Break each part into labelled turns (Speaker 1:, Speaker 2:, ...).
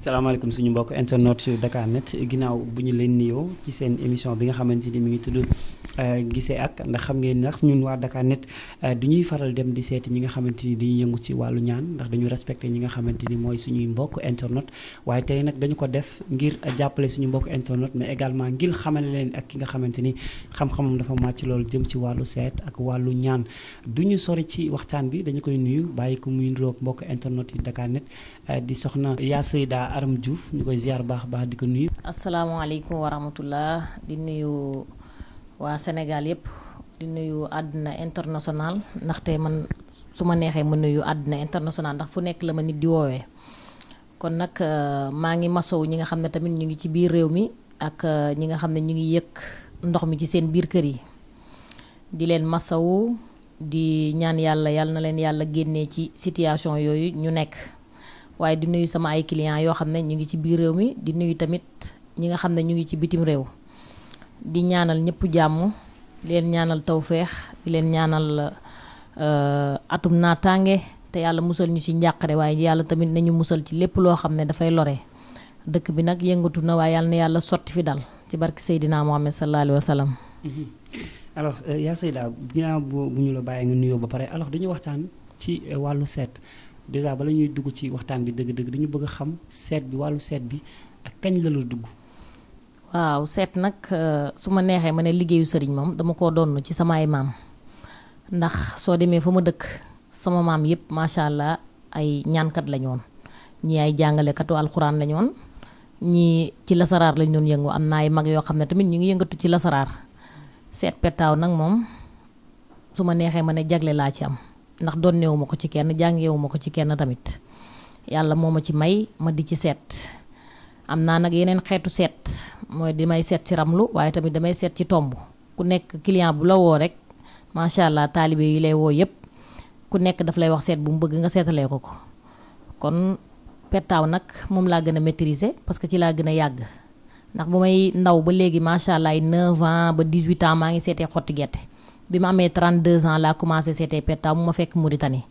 Speaker 1: salaamaaleykum suñu mbokk internet Dakar Net ginnaaw bu ñu leen nuyoo ci seen émission bi nga xamante ni mi ngi tudd euh, gisee ak ndax xam ngeen nag ñun waa Dakar Net euh, faral dem di seeti ñi nga xamante ni dañuy yëngu ci wàllu ñaan ndax dañu respecté ñi nga xamante ni mooy suñuy mbokk internet waaye tey nag dañu ko def ngir jàppale suñu mbokk internet mais également ngir xamal leen ak ki nga xamante ni xam-xamam dafa màcc loolu jëm ci wàllu seet ak wàllu ñaan du ñu sori ci waxtaan bi dañu koy nuyu bàyyi ku muy niroog mbokk internet yi Dakar Net Eh, di soxna yaa Seyda Aram Diouf ñu koy ziar baax baax di ko nuyu.
Speaker 2: asalaamaaleykum wa rahmatullah di nuyu waa Sénégal yëpp di nuyu àdduna international ndaxte man su ma neexee ma nuyu àdduna international ndax fu nekk la ma nit di woowee. kon nag eh, maa ngi masow ñi nga xam ne tamit ñu ngi ci biir réew mi ak eh, ñi nga xam ne ñu ngi yëkk ndox mi ci seen biir kër yi di leen masawu di ñaan yàlla yàlla na leen yàlla génnee ci situation yooyu ñu nekk. waaye di nuyu sama ay clients yoo xam ne ñu ngi ci biir réew mi di nuyu tamit ñi nga xam ne ñu ngi ci bitim réew di ñaanal ñëpp jàmm di leen ñaanal tawféex di leen ñaanal euh, atum naataange te yàlla musal ñu ci njàqare waaye yàlla tamit nañu musal ci lépp loo xam ne dafay lore dëkk bi nag yëngatu na waaye yàlla na yàlla sotti fi dal ci barki Seydina Mohamed sallallahu alayhi wa sallam.
Speaker 1: Mhm. alors euh, yaa Seyda ginnaaw bu ñu la bàyyee nga nuyoo ba pare alors dañu waxtaan ci euh, wàllu seet. déjà bala ñuy dugg ci waxtaan bi dëgg-dëgg dañu bëgg a xam seet bi wàllu seet bi ak kañ la dugg.
Speaker 2: waaw seet nag euh, su ma neexee ma ne liggéeyu sëriñ moom dama ko doon ci sama ay maam ndax soo demee fa ma dëkk sama maam yëpp macha allah ay ñaankat la ñoon ñii ay jàngalekatu alxuraan lañoon ñii ci lasaraar lañ doon yëngu am naa ay mag yoo xam ne tamit ñu ngi yëngatu ci lasaraar seet pettaaw nag moom su ma neexee ma ne jagle laa ci am. ndax donneewu ma ko ci kenn jàngeewu ma ko ci kenn tamit yàlla moom ma ci may ma di ci seet am naa nag yeneen xeetu seet mooy di may seet ci ramlu waaye tamit damay seet ci tomb ku nekk client bu la woo rek macha allah taalibe yi lay woo yëpp ku nekk daf lay wax seet bu mu bëgg nga seetalee ko ko kon pettaaw nag moom laa gën a maîtriser parce que ci laa gën a yàgg ndax bu may ndaw ba léegi macha allah ay 9 ans ba 18 ans maa ngi seetee xotti gerte. bi ma amee 32 ans laa commencé CTP taw mu ma fekk Mauritanie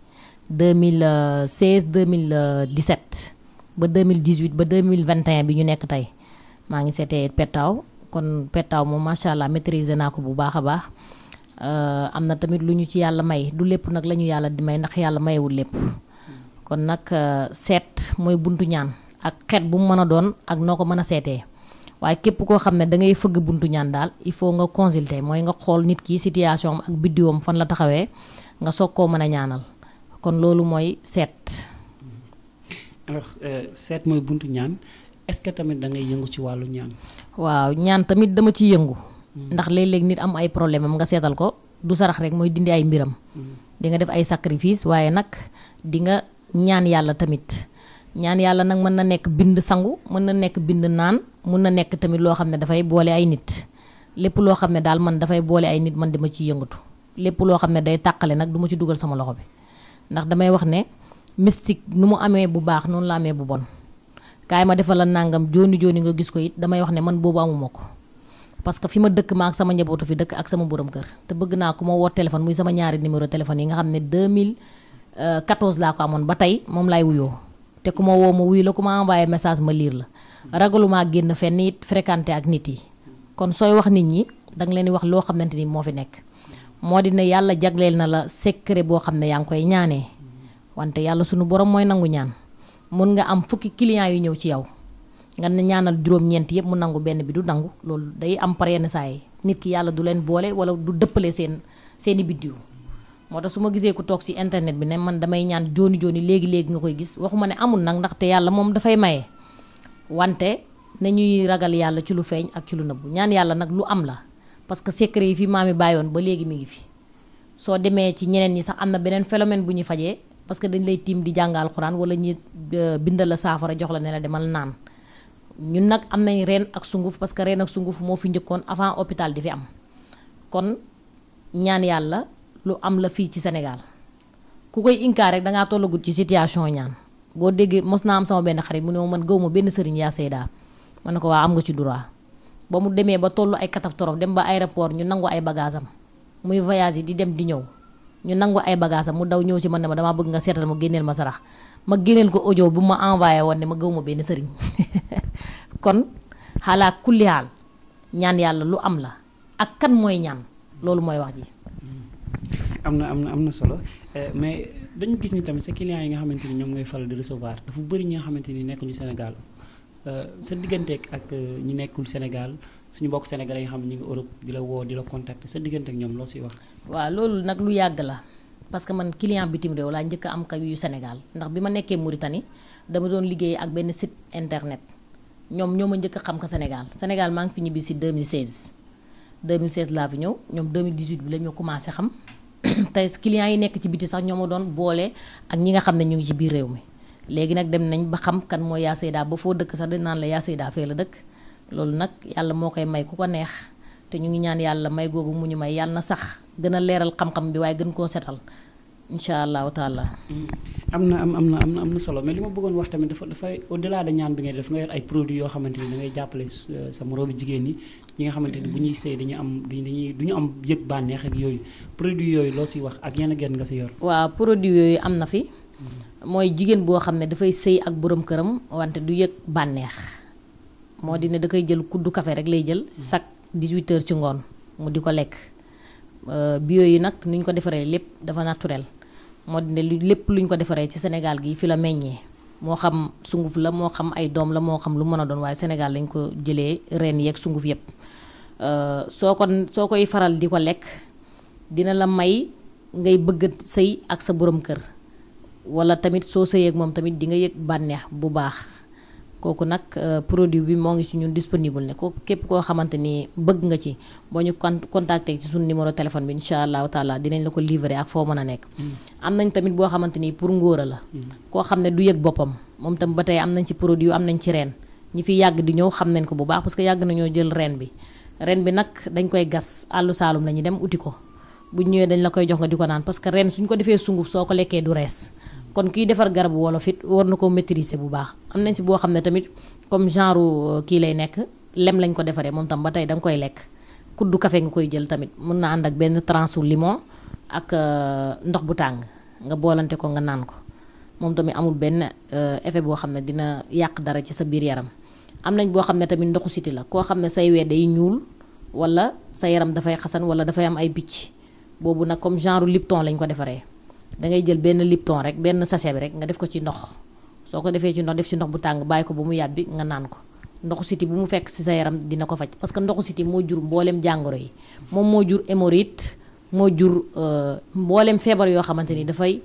Speaker 2: 2016 2017 ba deux 2018 ba 2021 bi ñu nekk tey maa ngi seetee pettaaw kon pettaaw moom macha allah maîtriser naa ko bu baax a baax euh, am na tamit lu ñu ci yàlla may du lépp nag la ñu yàlla di may ndax yàlla mayewul lépp kon nag euh, seet mooy buntu ñaan ak xeet bu mu mën a doon ak noo ko mën a seetee waaye képp koo xam ne da ngay fëgg buntu ñaan daal il faut nga consulter mooy nga xool nit kii situation ak biddiwam fan la taxawee nga soog koo mën a ñaanal kon loolu mooy
Speaker 1: seet. alors euh, seet mooy buntu ñaan est-ce que da ngay yëngu ci wàllu ñaan.
Speaker 2: waaw ñaan tamit dama ci yëngu. Hmm. ndax léeg-léeg nit am ay problème am nga seetal ko du sarax rek mooy dindi ay mbiram. Hmm. di nga def ay sacrifice waaye nag di nga ñaan yàlla tamit. ñaan yàlla nag mën na nekk bind sangu mën na nekk bind naan mën na nekk tamit loo xam ne dafay boole ay nit lépp loo xam ne daal man dafay boole ay nit man dama ciy yëngatu lépp loo xam ne day tàqale nag du ma ci dugal sama loxo bi ndax damay wax ne mystique nu mu amee bu baax noonu la amee bu bon kaay ma defal la nangam jooni jooni nga gis ko it damay wax ne man boobu amuma ko parce que fi ma dëkk ma ak sama njabootu fi dëkk ak sama borom kër te bëgg naa ku ma woo téléphone muy sama ñaari numéro téléphone yi nga xam ne 2014 euh, laa ko amoon ba tey moom laay wuyoo te ku ma woo ma wuyu la ku ma envoyé message ma liir la ragaluma génn fenn it fréquenté ak nit yi kon sooy wax nit ñi danga leen di wax loo xamante ni moo fi nekk moo di ne yàlla jagleel na la secret boo xam ne yaa ngi koy ñaanee wante yàlla sunu borom mooy nangu ñaan mun nga am fukki clients yu ñëw ci yow nga ne ñaanal juróom-ñeent yëpp mu nangu benn bi du nangu loolu day am pare yenn saa yi nit ki yàlla du leen boole wala du dëppale seen seeni biddiw moo tax su ma gisee ku toog si internet bi ne man damay ñaan jooni jooni léegi léegi nga koy gis waxuma ne amul nag ndaxte yàlla moom dafay maye wante ñuy ragal yàlla ci lu feeñ ak ci lu nëbbu ñaan yàlla nag lu am la parce que secret yi fi maami bàyyoon ba léegi mi ngi fi soo demee ci ñeneen ñi sax am na beneen phénomène bu ñu fajee parce que dañ lay tiim di jàng alxuraan wala ñi euh, bindal la saafara jox la ne la demal naan ñun nag am nañ reen ak sunguf parce que reen ak sunguf moo fi njëkkoon avant hôpital di fi am yàlla. lu am la fii ci Sénégal ku koy inkaar rek da ngaa tollagut ci situation ñaan boo déggee mos naa am sama benn xarit mu ne ma man gaw ma benn sëriñ yaa Seydaa ma ne ko waa am nga ci droit ba mu demee ba toll ay kataf torof dem ba aéroport ñu nangu ay bagages muy voyage yi di dem di ñëw ñu nangu ay bagages mu daw ñëw ci mën na ma damaa bëgg nga seetal ma génneel ma sarax ma génneel ko ojo bu ma envoyé woon ne ma gaw ma benn sëriñ kon xaalaa kulli ñaan yàlla lu am la ak kan mooy ñaan mooy
Speaker 1: wax ji. Mm. am na am na am na solo eh, mais dañu gis ni tamit sa clients yi nga xamante ni ñoom ngay faral di recevoir dafa bëri ñi nga xamante ni nekkuñu Sénégal eh, sa digganteeg ak eh, ñu nekkul Sénégal suñu mbokk sénégalais yi nga xam ne ñu ngi Europe di la woo di la contacter sa digganteeg ñoom loo siy wax.
Speaker 2: waaw loolu nag lu yàgg la parce que man client bitim réew laa njëkk a am kay yu Sénégal ndax bi ma nekkee Mauritanie dama doon liggéey ak benn site internet ñoom ñoom ma njëkk a xam ko Sénégal Sénégal maa ngi fi ñibbi si 2016. 2016 laa fi ñëw ñoom 2018 bi la ñu commencé xam tey clients yi nekk ci biti sax ñoo ma doon boole ak ñi nga xam ne ñu ngi ci biir réew mi léegi nag dem nañ ba xam kan mooy yaa Seyda ba foo dëkk sax da naan la yaa Seyda fee la dëkk loolu nag yàlla moo koy may ku ko neex te ñu ngi ñaan yàlla may googu mu ñu may yàlla na sax gën a leeral xam-xam bi waaye gën koo setal incha allahu taala. Mm.
Speaker 1: am na am na am na am solo mais li ma bëggoon wax tamit dafa dafay au delà ñaan bi ngay def nga yor ay produits yoo xamante ni da ngay jàppale euh, sa jigéen ñi ñi nga xamante ni bu ñuy sëy dañu am dañuy du ñu am yëg bànneex ak yooyu produit yooyu loo si wax ak yenn ak nga si yor.
Speaker 2: waaw produit yooyu am na fi. mooy jigéen boo xam ne dafay sëy ak borom këram wante du yëg bànneex moo di ne da koy jël kuddu kafe rek lay jël chaque 18 heures ci ngoon mu di ko lekk euh, bio yi nag nu ñu ko defaree lépp dafa naturel moo di ne lépp lu ñu ko defaree ci Sénégal gi fi la meññee. moo xam sunguf la moo xam ay doom la moo xam lu mën a doon waaye Sénégal lañ ko jëlee reen yeeg sunguf yëpp euh, soo ko soo koy faral di ko lekk dina la may ngay bëgg sëy ak sa borom kër wala tamit soo sëyeeg moom tamit di nga yëg bànneex bu baax kooku nag euh, produit bi moo ngi ci ñun disponible ne ko képp koo xamante ni bëgg nga ci boo ñu contacter ci suñu numéro téléphone bi incha allah taala dinañ la ko livrer ak foo mën a nekk. Mm. am nañ tamit boo xamante ni pour ngóora la. Mm. koo xam ne du yëg boppam moom tam ba tey am nañ ci produit am nañ ci reen ñi fi yàgg di ñëw xam nañ ko bu baax parce que yàgg nañoo jël reen bi reen bi nag dañ koy gas àllu saalum la ñu dem uti ko bu ñëwee dañ la koy jox nga di ko naan parce que reen suñ ko defee sunguf soo ko lekkee du rees. kon kiy defar garab wolof it war na ko maîtriser bu baax am nañ si boo xam ne tamit comme genre euh, kii lay nekk lem lañ ko defaree moom tam ba tey danga koy lekk kuddu café nga koy jël tamit mun na ànd ak benn transu limon ak euh, ndox bu tàng nga boolante ko nga naan ko moom tamit amul benn euh, effet boo xam ne dina yàq dara ci sa biir yaram am nañ boo xam ne tamit ndoxu siti la koo xam ne say wee day ñuul wala sa yaram dafay xasan wala dafay am ay picc boobu nag comme genre lipton lañ ko defaree da ngay jël benn lipton rek benn sachet bi rek nga def ko ci ndox soo ko defee ci ndox def ci ndox bu tàng bàyyi ko ba mu yàbbi nga naan ko ndoxu siti bu mu fekk ci sa yaram dina ko faj parce que ndoxu siti moo jur mbooleem jàngoro yi moom moo jur hémorroïde moo jur euh, mbooleem feebar yoo xamante ni dafay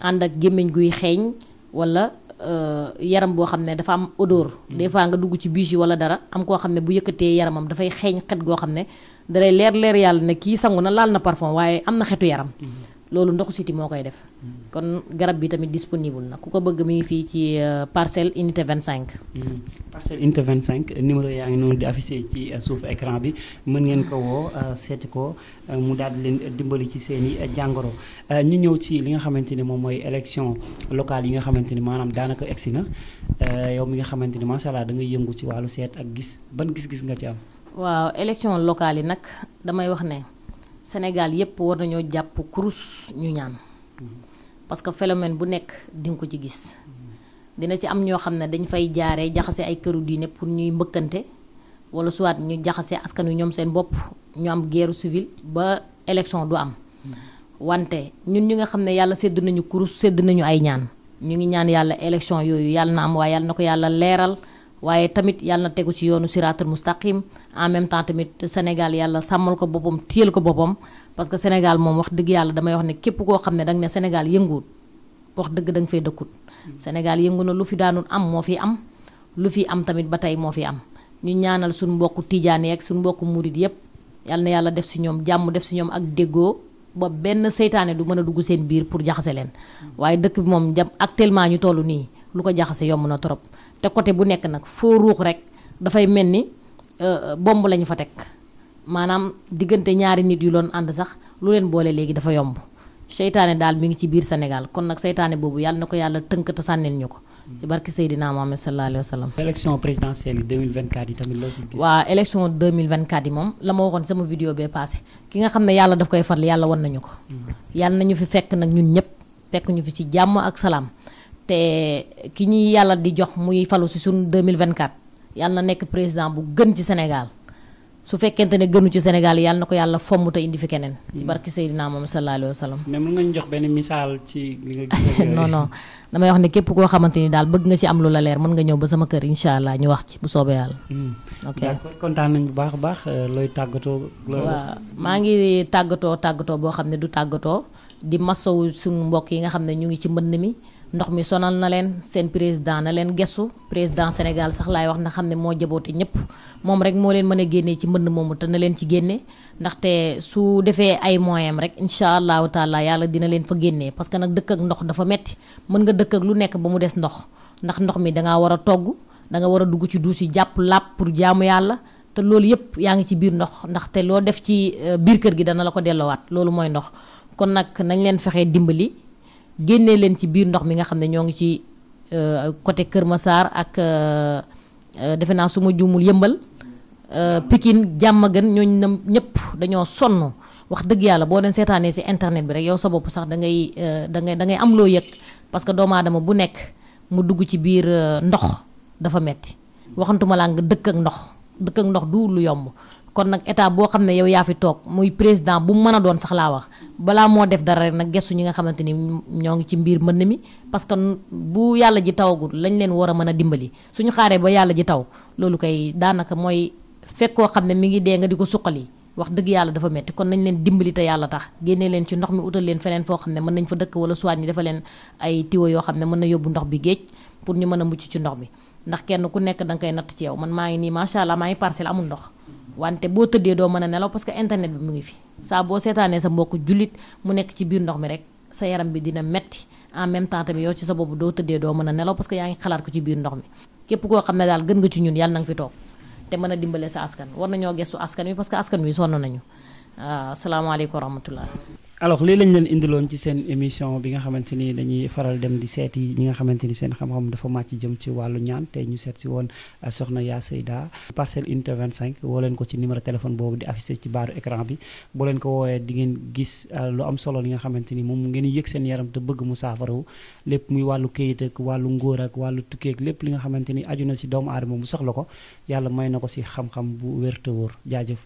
Speaker 2: ànd ak gémmiñ guy xeeñ wala euh, yaram boo xam ne dafa am odeur. Mm. des fois nga dugg ci biis yi wala dara am koo xam ne bu yëkkatee yaramam dafay xeeñ xet goo xam ne dalay leer leer yàlla ne kii sangu na laal na parfum waaye am na yaram mm-hmm. loolu ndoxu siti moo koy def kon garab bi tamit disponible na ku ko bëgg mu ngi fii ci euh, parcelle unité 25.
Speaker 1: Hmm. parcelle unité 25 numéro yaa ngi noonu di affiché ci euh, suuf ecran bi mën ngeen ko woo euh, seeti ko mu daal di leen dimbali ci seen i jàngoro ñu ñëw ci li nga xamante ni moom mooy élection locale yi nga xamante ni maanaam daanaka egsi na yow mi nga xamante ni macha allah da ngay yëngu ci wàllu seet ak gis ban gis-gis nga ci am.
Speaker 2: waaw élection locale yi nag damay wax ne. Sénégal yépp war nañoo jàpp kurus ñu ñaan parce que phénomène bu nekk di nga ko ci gis dina ci am ñoo xam ne dañ fay jaaree jaxase ay këru diine pour ñuy mbëkkante wala soit ñu jaxasee askan wi ñoom seen bopp ñu am guerre civile ba élection du am wante ñun ñu nga xam ne yàlla sédd nañu kurus sédd nañu ay ñaan ñu ngi ñaan yàlla élection yooyu yàlla na am waaye yàlla na ko yàlla leeral waaye tamit yàlla tegu ci yoonu siraatul mustaqim en même temps tamit Sénégal yàlla sàmmal ko boppam téyel ko boppam parce que Sénégal moom wax dëgg yàlla damay wax ne képp koo xam ne danga ne Sénégal yënguwut wax dëgg danga fay dëkkut Sénégal yëngu na lu fi daanul am moo fi am lu fi am tamit ba tey moo fi am ñu ñaanal suñu mbokku tijaan yeeg suñu mbokku murit yépp yàlla yàlla def si ñoom jàmm def si ñoom ak déggoo ba benn seytaane du mën a dugg seen biir pour jaxase leen waaye dëkk bi moom actuellement ñu toll nii lu ko jaxase yomb na trop te côté bu nekk nag foo ruux rek dafay mel ni euh, bomb la ñu fa teg maanaam diggante ñaari nit yu loon ànd sax lu leen boole léegi dafa yomb seytaane daal mi ngi ci biir Sénégal kon nag seytaane boobu yàlla na ko yàlla tënk te sànnil ñu ko. ci barki Seydina Mohamed sallallahu alayhi wa sallam.
Speaker 1: élection présidentielle yi 2024 yi
Speaker 2: tamit loo moom la ma waxoon sama vidéo bee passé ki nga xam ne yàlla daf koy farli yàlla wan nañu ko. Mm. yàlla nañu fi fekk nag ñun ñu ci jàmm ak salaam. te ki ñuy yàlla di jox muy falu si suñ 2024 yàlla na nekk président bu gën ci Sénégal su fekkente ne gënu ci Sénégal yàlla na ko yàlla fomm te indi fi keneen. ci barki dina moom sallallahu alayhi wa sallam. mais mën jox benn misaal ci li nga gis. wax ne képp koo xamante ni daal bëgg nga ci am lu la leer mën nga ñëw ba sama kër incha allah ñu wax ci bu soobee yàlla. Hmm.
Speaker 1: kontaan nañu bu baax a baax euh, looy tàggatoo. maa
Speaker 2: ngi tàggatoo tàggatoo boo xam ne du tàggatoo di masawu suñu mbokk yi nga xam ne ñu ngi ci mbënd mi ndox mi sonal na leen seen président na leen gestu président Sénégal sax laay wax na xam ne moo jaboote ñëpp moom rek moo leen mën a génnee ci mbënn moomu te na leen ci génne ndaxte su defee ay moyen rek incha allahu taala yàlla dina leen fa génnee parce que nag dëkk ak ndox dafa metti mën nga dëkk ak lu nekk ba mu des ndox ndax ndox mi dangaa war a togg da nga war dugg ci duus yi jàpp làpp pour jaamu yàlla te loolu yëpp yaa ngi ci biir ndox ndaxte loo def ci euh, biir kër gi dana la ko delloowaat loolu mooy ndox kon nag nañ leen fexee dimbali génnee leen ci biir ndox mi nga xam ne ñoo ngi ci euh, côté Kër Massar ak euh, euh, defe naa su ma juumul yëmbal Pikine jàmm gën ñooñ nam ñëpp dañoo sonn wax dëgg yàlla boo leen seetaanee si internet bi rek yow sa bopp sax dangay ngay da ngay da ngay am loo yëg parce que doomu bu nekk mu dugg ci biir ndox dafa metti waxantuma laa nga dëkk ak ndox dëkk ak ndox du lu yomb kon nag état boo xam ne yow yaa fi toog muy président bu mën a doon sax wax balaa moo def dara nag gestu ñi nga xamante ni ñoo ngi ci mbiir mën mi parce que bu yàlla ji tawagul lañ leen war mën a dimbali suñu xaaree ba yàlla ji taw loolu kay daanaka mooy fekk koo xam ne mi ngi dee nga di ko suqali wax dëgg yàlla dafa metti kon nañ leen dimbali te yàlla tax génne leen ci ndox mi utal leen feneen foo xam ne mën nañ fa dëkk wala soit ñi dafa leen ay tiwo yoo xam ne mën na yóbbu ndox bi géej pour ñu mën a mucc ci ndox bi ndax kenn ku nekk da nga koy natt ci yow man maa ngi nii macha allah maa ngi parcelle amul ndox wante boo tëddee doo mën a nelaw parce que internet bi mu ngi fi saa boo seetaanee sa mbokk jullit mu nekk ci biir ndox mi rek sa yaram bi dina metti en même temps tamit yow ci sa bopp doo tëddee doo mën a nelaw parce que yaa ngi xalaat ko ci biir ndox mi képp koo xam ne daal gën nga ci ñun yàlla na nga fi toog te mën a dimbale sa askan war nañoo gestu askan wi parce que askan wi sonn nañu waaw salaamaaleykum wa rahmatullah
Speaker 1: alors lii lañ leen indiloon ci seen émission bi nga xamante ni dañuy faral dem di seeti ñi nga xamante ni seen xam-xam dafa màcc jëm ci wàllu ñaan tey ñu seet si woon euh, soxna Ya Seyda parcelle unité 25 woo leen ko ci numéro téléphone boobu di affiché ci baaru écran bi boo leen ko woowee di ngeen gis euh, lu am solo li nga xamante ni moom ngeen yëg seen yaram te bëgg mu saafarawu lépp muy wàllu këyit ak wàllu ngóor ak wàllu tukkeek lépp li nga xamante ni aju na si doomu aadama mu soxla ko yàlla may na ko si xam bu wér jaajëf